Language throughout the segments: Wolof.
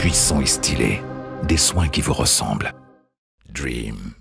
puissant et stylé. Des soins qui vous ressemblent. Dream.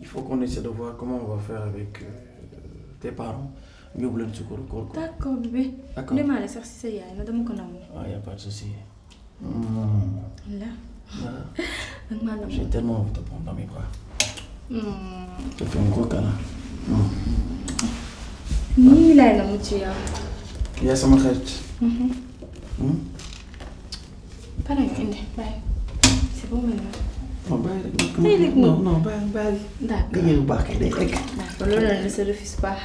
il faut qu'on essaie de voir comment on va faire avec euh, tes parents ñu yóbbu leen sukkur koor ko. d'accord bébé. d'accord vraiment la sax si sa yaay la dama ko nangu. Ah, waaw y a pas de souci. alhamdulilah. Hmm. ak maanaam j'ai tellement envie de te prendre dans mes bras. Hmm. Tu fais un gros câlin. Hmm. nii laay la mu ci yow. yaa sama xarit. pare nga indi bàyyi c'est bon maintenant. non bàyyi rek. tey rek moom baax kay day egg. d'accord loolu la ne sa refus baax.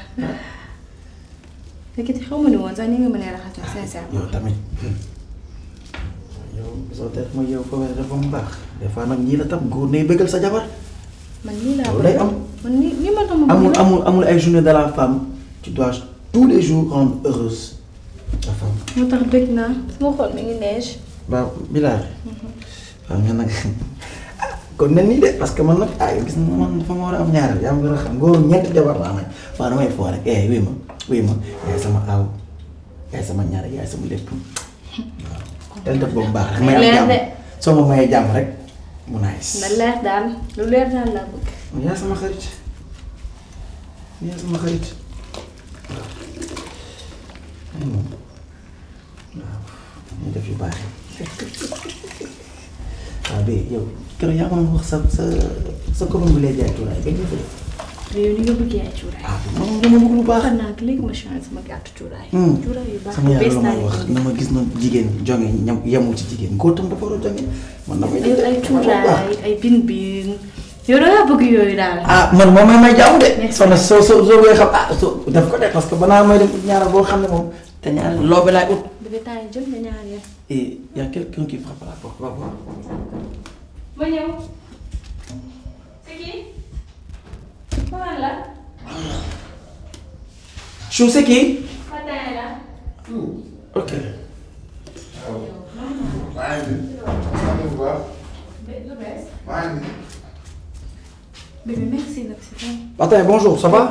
léegi xaw ma ne woon raxas sincèrement. yow tamit yow des fois nag ñii la tam góor bëggal sa jabar. man nii bëgg day am. man nii nii ma tam amul amul amul ay journée de la femme tu dois les jours rendre heureuse la tax dëgg naa sama mi ngi nag. kon na nii de parce que man nag ah gis na man dafa ma war a am ñaareel yaa ngi war a xam góor ñeenti jabar la amee waaw damay foore rek eh wéy ma wéy ma yaay sama aaw yaay sama ñaareel yaay sama lépp waaw. tel def boobu baax rek may am jàmm soo ma mayee jàmm rek mu nice. na leer daal lu leer daal laa bëgg. yaay sama xarit yaay sama xarit waaw. waaw ñu def yu baax yi. waaw mais yow keroog yaa ngi wax sa sa sa commune bu lay jaay cuuraay ba ñu ko def. mais yow ni nga léegi ma changé sama gàttu cuuraay. cuuraay yu baax sama yàlla ma wax na ma gis na jigéen jonge ñam yemul ci jigéen a jonge man ma ay cuuraay ay bin bin yow da man moom may may jàmm de. soxna soo soo soo koy xam ah soo daf ko de parce que balaa may dem ut ñaara boo xam ne moom te ñaara loobe laay ut. Et il y a quelqu'un qui frappe à la porte. Va voir. C'est qui Je sais qui Matin là. Ok. Patin bonjour, ça va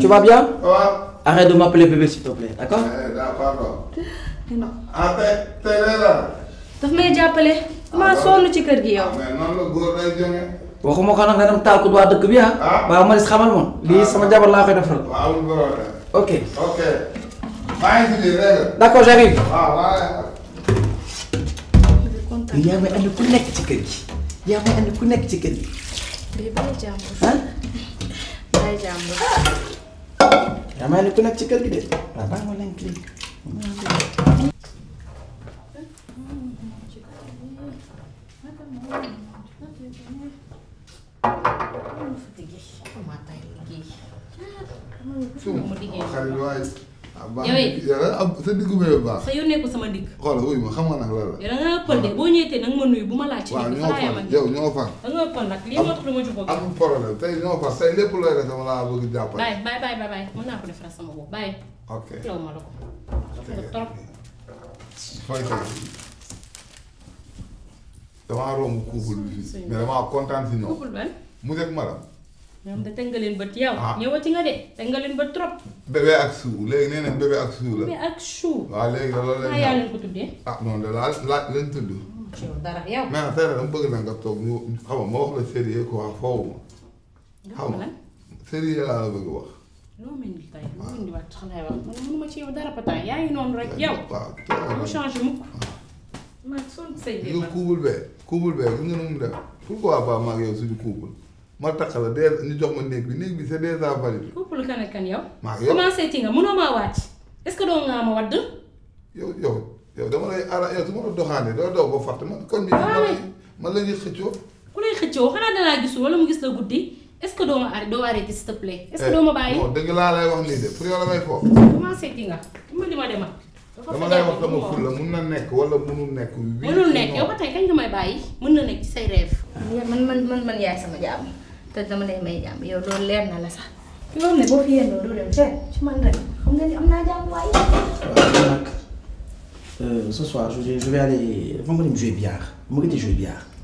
Tu vas bien Arrête de m'appeler bébé s'il te plaît, d'accord eh, ah te tey daf may jàppale. maa ah, sonn ci kër gi yow. Ah, mais noonu la góor lay jógee. waxuma ko nag nga dem taal ko waa dëkk bi ah. ah. waaw Maris xamal moom. lii sama jabar laa koy defaral. waaw amul problème. ok ok. maa ngi fi d'accord j'arrive. waaw waaw. yaa may andi ku nekk ci kër gi. yaa may andi ku nekk ci kër gi. bii bàyyi jàmbur. ah. bàyyi jàmbur. yaa may andi ku nekk ci kër gi de. waaw bàyyi ma leen kii. sa diggu bébé baax sa yónnee ko sama digg xoolal wuy ma xam nga nag la la yow da nga pël de boo ñëwee nag ma nuyu bu ma laaj ci waaw ñoo far yow ñoo far da nga pël nag lii moo tax lu ma ci bëgg amul problème tey ñoo far sama bopp bàyyi ok yow la ko. trop. damaa romb couple bi fii mais damaa kontaan si ñoom. mu nekk madam. ñoom da nga leen bët yow. ñëwati nga de teg nga leen bët trop. bébé ak suu léegi nee nañ ak suu la. bébé ak suu. waaw dama bëgg na nga toog ñu xam nga wax la sérieux quoi foofu ma. xam nga laa la bëgg wax. loo mel ni tey loo mel ni waat ci yow dara pataay yaa noonu rek yow. waaw waaw mu changé mukk. man kuubul bee kuubul bee bu ngeen def pourquoi pas ma ak maa yow nga mënoo maa wàcc est-ce que dama lay ba fàtte man. kon bi man la ñuy xëccoo. ku lay xëccoo xanaa danaa gisul wala mu gis la guddi. est-ce que doo ma arrêté doo arrêté s'il te plaît. Eh, doo ma bàyyi. dëgg laa lay wax nii de pour yow la may foofu. commencé ma demal. dama nga may bàyyi mën na man dem fenn ci man rek xam dafa mën a jouer billard mu ngi di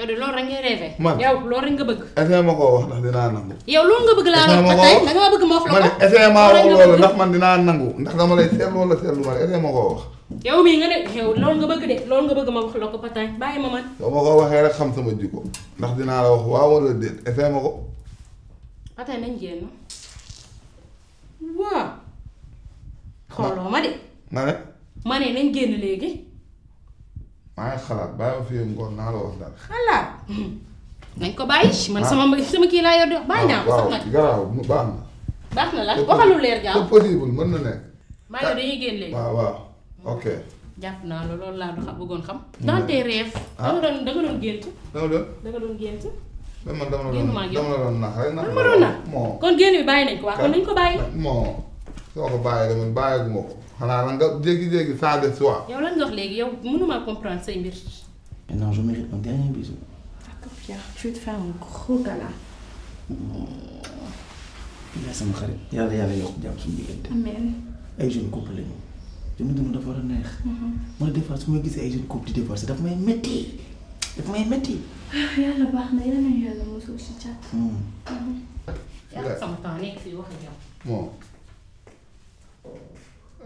yow de loolu rek nga bëgg. essayé ma koo wax ndax dinaa nangu. yow loolu nga bëgg laa wax nga bëgg ma wax la ko. man essayé man dinaa nangu ndax dama lay seetlu wala seetlu ma essayé ma koo wax. yow mii nga ne yow loolu nga bëgg de loolu nga bëgg ma wax la ko bàyyi ma man. yow ma ko waxee rek xam sama jikko ndax dinaa la wax waaw wala déet essayé ma ko. patay nañ génn waaw. xooloo ma de. ma ma ne nañ génn léegi. maa ngi xalaat bàyyi fi ngoon naa la wax dara. xalaat. nañ ko bàyyi. Ah. man sama kii laa yor di bàyyi naa ko. sax nga doon da man man dama doon nax rek. nax ma doon nax kon génn bi bàyyi nañ ko waaw kon nañ ko bàyyi. moo soo ko bàyyi de bàyyi gu ko xanaa la nga lan nga wax comprendre say mbir. maintenant je mérite un dernier bisou. d'accord Pierre je vais te faire un gros câlin. Je mmh. sama xarit yàlla yàlla yokk Je suñu diggante. faire ay jeune couple vais faire dafa war a neex. Mmh. faire ça. su ma gisee ay jeune couple di Je daf may métti daf may métti. Ah, yàlla baax na yàlla na yàlla mosoo mmh. sama temps nekk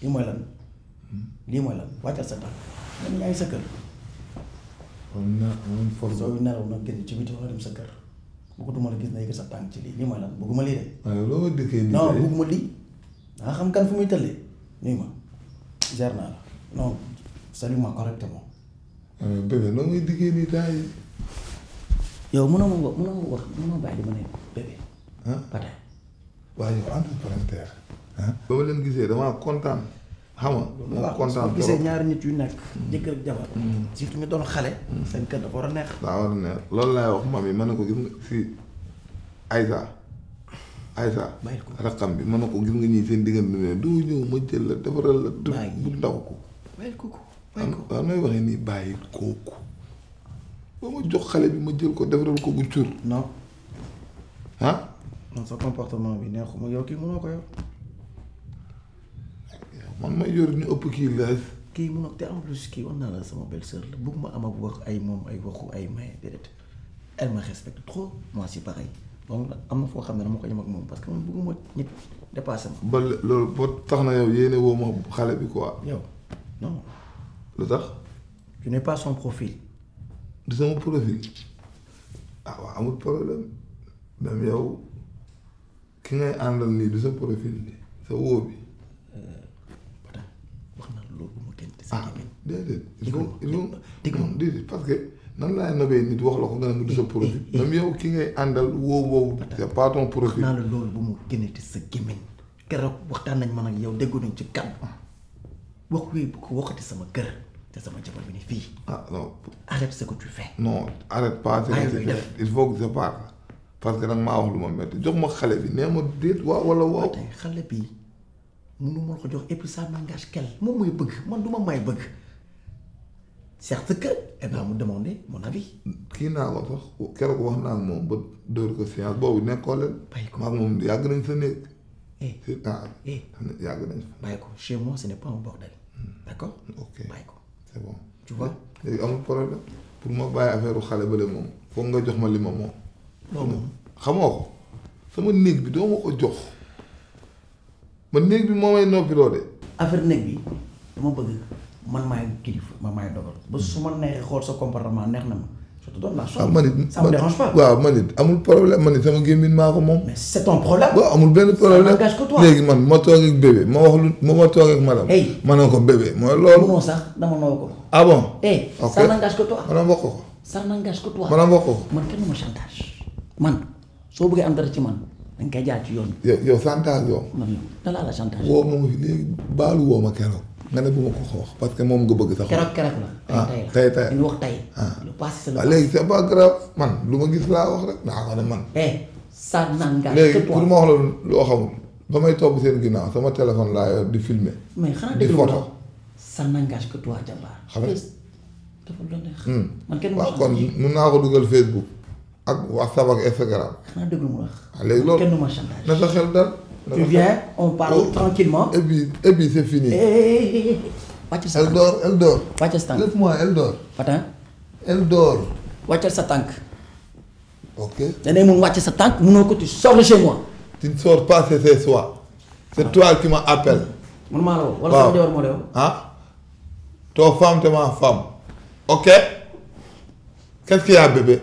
lii mooy lan lii mooy lan wàccal sa tànk man yaa ngi sa kër. soo nelaw nag génn ci biti wala dem sa kër bëggatuma la gis na sa tànk ci lii lii mooy lan bëgguma lii de. loo ma jar naa la non salut ma correctement. bébé loo muy diggee nii yow ma wax mënoo ma wax bàyyi di ma ne bébé. ah waaye yow entre parenthèses ba ma leen gisee damaa kontaan xam nga. moo kontaan trop gisee ñaari nit yu nekk. jëkkër ak jabar. surtout ñu doon xale. seen kër dafa war a neex. daa war a neex loolu laay wax maam yi ma ne ko gis nga fii Aïssa Aïssa. bàyyi ko rakam bi ma ne ko gis nga ñii seen diggante ne doo ñëw ma jël la defaral la. bàyyi ko bu ndaw ko. bàyyi ko ko bàyyi ko waaw nooy waxee nii bàyyi kooku. ba ma jox xale bi ma jël ko defaral ko bu cur. non. ah. non sa comportement bi neexuma yow kii mënoo ko yow. man ma yor ñu ëpp kii la. kii mun te en plus kii wax naa la sama belle sœur la ma am ak wax ay moom ay waxu ay may déedéet elle me respecte trop moi c'est pareil donc am na foo xam ne dama ko yem ak moom parce que man bëgguma nit dépassé ma. ba loolu ba tax na yow yéene woo ma xale bi quoi. yow non. lu tax. tu n'es pas son profil. du sama profil. ah waaw amul problème même yow ki ngay àndal nii du sa profil bi sa woo bi. ah déedéet. dégg nga déedéet parce que nan laay nobee nit wax la ko nga ne mu du sa eh, produit. Eh, eh. même yow ki ngay àndal woowu woowu. c'est pas ton produit. naa la loolu bu mu génnati sa gémmiñ. keroog waxtaan nañ man ak yow déggoo nañ ci kàddu. wax wi bu ko waxati sama kër te sama jabar bi ni fii. ah non. arrête ce que tu fais. non arrête pas ce que tu fais il faut que je parte parce que nag maa wax lu ma métti jox ma xale bi nee ma déet waaw wala waaw. tey xale bi ko jox et puis ça m'engage moom man may certes que elle va me demander mon avis. kii naa ko wax ko séance fa. Eh. Ah, eh. chez moi ce n'est pas un bordel. Hmm. d'accord ok c'est bon tu vois. problème pour ma bàyyi affaire xale bële moom. foog nga jox ma li ma moom. loolu sama bi ma man néeg bi moo may noppiloo de. affaire néeg bi dama bëgg man maay kilifa ma maay dogal ba su ma neexee xool sa comportement neex na ma surtout doon naa. waaw man it ça me dérange pas. waaw man it amul problème man it sama gémmiñ maa ko moom. mais c'est ton problème. waaw amul benn problème ça que toi. léegi man ma toog ak bébé ma wax lu ma ma toog ak madame. hey ma ne ko bébé mooy loolu. non sax dama noo ko. ah bon. hey ça n'engage que toi. maanaam wax ko ko. ça n'engage que toi. maanaam wax ko ko. man kenn du ma chantage. man soo bëggee am dara ci man. dañ koy jaar ci yoon bi. yow yow yow. woo moom léegi baalu woo ma keroog. nga ne bu ma ko xoox parce que moom nga bëgg sax. keroog keroog la. Ah, tey tey ah. la ah, la léegi c'est pas grave man lu ma gis laa wax rek naa ko ne man. Eh, léegi pour ma wax la loo xamul ba may topp seen ginnaaw sama téléphone laa yor di filmer. mais xanaa déglu ma di photo. ça n'engage que toi Diambar. xam nga dafa doon neex. Hmm. man kenn waaw kon mun naa ko dugal Facebook. ak WhatsApp Sabak Instagram. cetera. xanaa déglu mu wax. léegi loolu kenn du ma chantage. na sa xel dal. tu viens on parle oh. tranquillement. et puis et puis c'est fini. Eh, eh, eh, wàccal sa tànk elle dort elle dort. wàccal sa tànk laisse-moi elle dort. Fatin. elle dort. wàccal sa tànk. ok da ngay mun wàcc sa tànk munoo ko tu sors de chez moi. tu ne sors pas c'est chez toi. c'est toi qui m'appelle. man maa la woo wala sama jabar moo la woo. ah. toi femme te ma femme. ok. qu'est-ce qu'il y a bébé.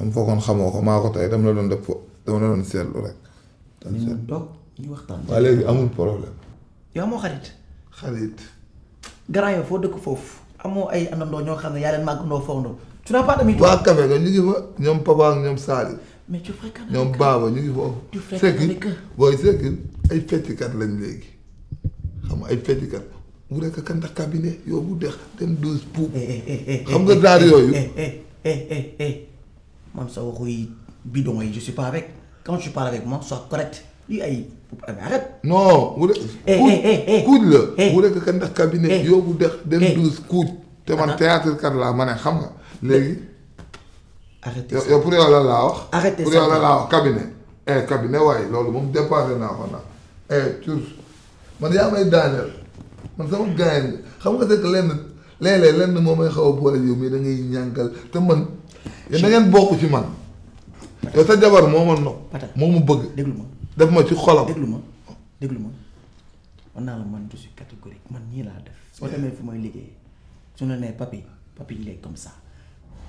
am foogoon xamoo ko maa ko tey dama la doon def dama la doon seetlu rek. dama léegi amul problème. yow amoo xarit. xarit. garant yow foo dëkk foofu. amoo ay andandoo ñoo xam ne yaa leen màggandoo fawndoo. tu waa Café ga ñu ngi fa ñoom Papa ñoom Sali. ñoom Baba ñu ngi foofu. sekk booy sekk ay feccikat lañ léegi xam nga ay feccikat bu nekk kan ndax cabinet yow bu dex dem douze puub. Eh, eh, eh, xam nga daal yooyu. Je ne bidon je suis pas avec quand tu parles avec moi sois correct eh, arrête. non. bu eh, coule eh, que dans le cabinet yóbbu vous den que dans le théâtre le théâtre hein, xam nga je sais. Arrêtez là là, oh. là, Arrêtez oh, cabinet. eh cabinet oui. dépassé eh tur je suis Je xam nga c'est que lenn lenn xaw yéen da ngeen bokk ci man. yow sa jabar moo ma nopp. moo ma bëgg. déglu ma def ma ci xolam. ma déglu naa la man man ñii laa def soo demee su ne nee papi yi il est comme ça.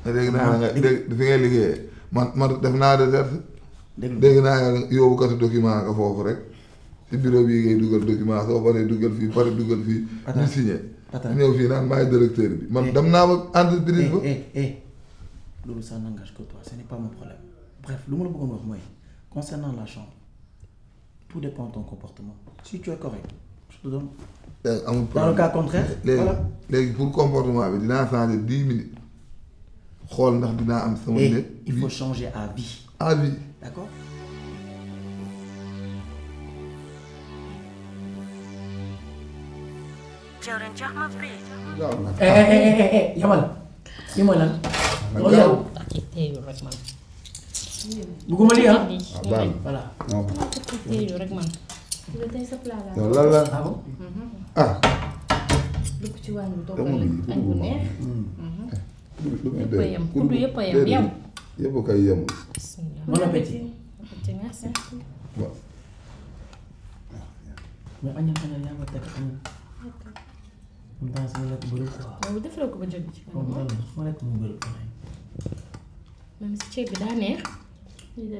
dégg naa nga dégg def naa recherche. dégg naa yóbbu kati document nga foofu rek ci bureau bi ngay dugal document soo paree dugal fii pare dugal fii. ñu signé. ñu fii naan maay directeur bi man eh. dem naa entreprise ba. Eh, eh, loolu ça n'engage que toi ce n'est pas mon problème bref concernant la chambre tout dépend de ton comportement si tu es correct je te donne. Euh, dans le cas contraire. voilà pour comportement minutes il faut changer à vie. vie d'accord. Magaw. Pakite yun rek man. Bugumali ha? Abang. Wala. Pakite yun rek man. Dito tayo sa plala. Lala. Ako? Ah. Lukucuan to. Ano ne? Kudu yam. Kudu yam pa yam yam. Yam pa kay yam. Mana peti? Peti ngas. Ba. May kanya kana lang at kanya. Punta sa mga buruk ko. Oh, defro ko ba jadi? Punta. Wala ko buruk ko na. même si ceeb bi daa neex.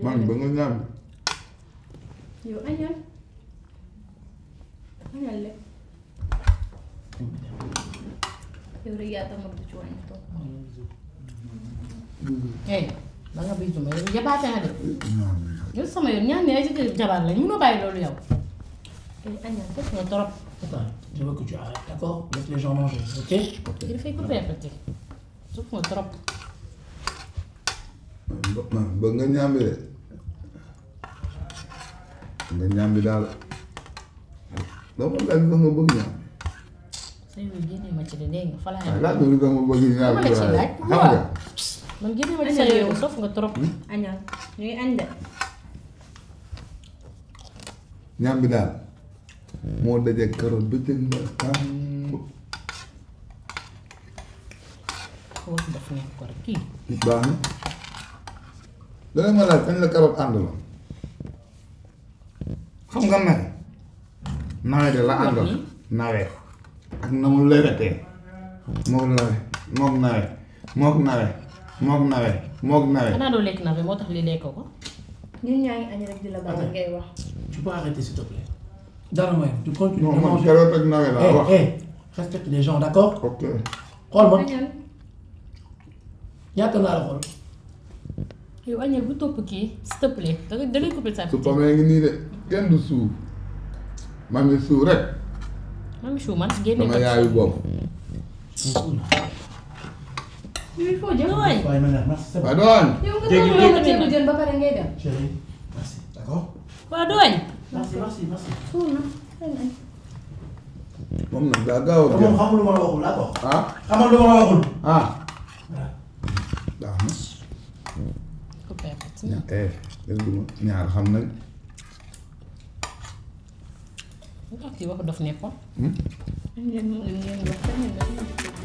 man ba nga ñaan. yow añal añal lekk yow rek yaa tax ma dugg ci wàññi toog. eh ba sama yoon ñaan ne ay jëkkër jabar lañ mënoo bàyyi loolu yow. yow eh, añal foofu nga trop. Attends, je trop. ba nga ñàmbi de nga ñàmbi daal dama laaj nga bëgg ñàmbi yooyu génne ma ci de dégg nga fa laa laaj ma bëgg ma bëgg ñàmbi xam nga man sof nga trop añal ñu ngi añ de la tu peux arrêter s'il te plaît tu continues non eh, eh, respecte les gens d'accord ok la yow añal bu topp kii s'il te plaît da ngay da ngi nii de kenn du suuf mami suuf rek. man génne sama yaayu bopp. il ba pare ngay dem. chérie merci d'accord. waa doon. merci merci merci. moom nag daa gaaw a. moom xamul lu ma la laa ko. ah xamul lu ma la waxul. ah. Eh, ñaar xam nañ. lu tax ci waxu daf nekkoon. Hmm?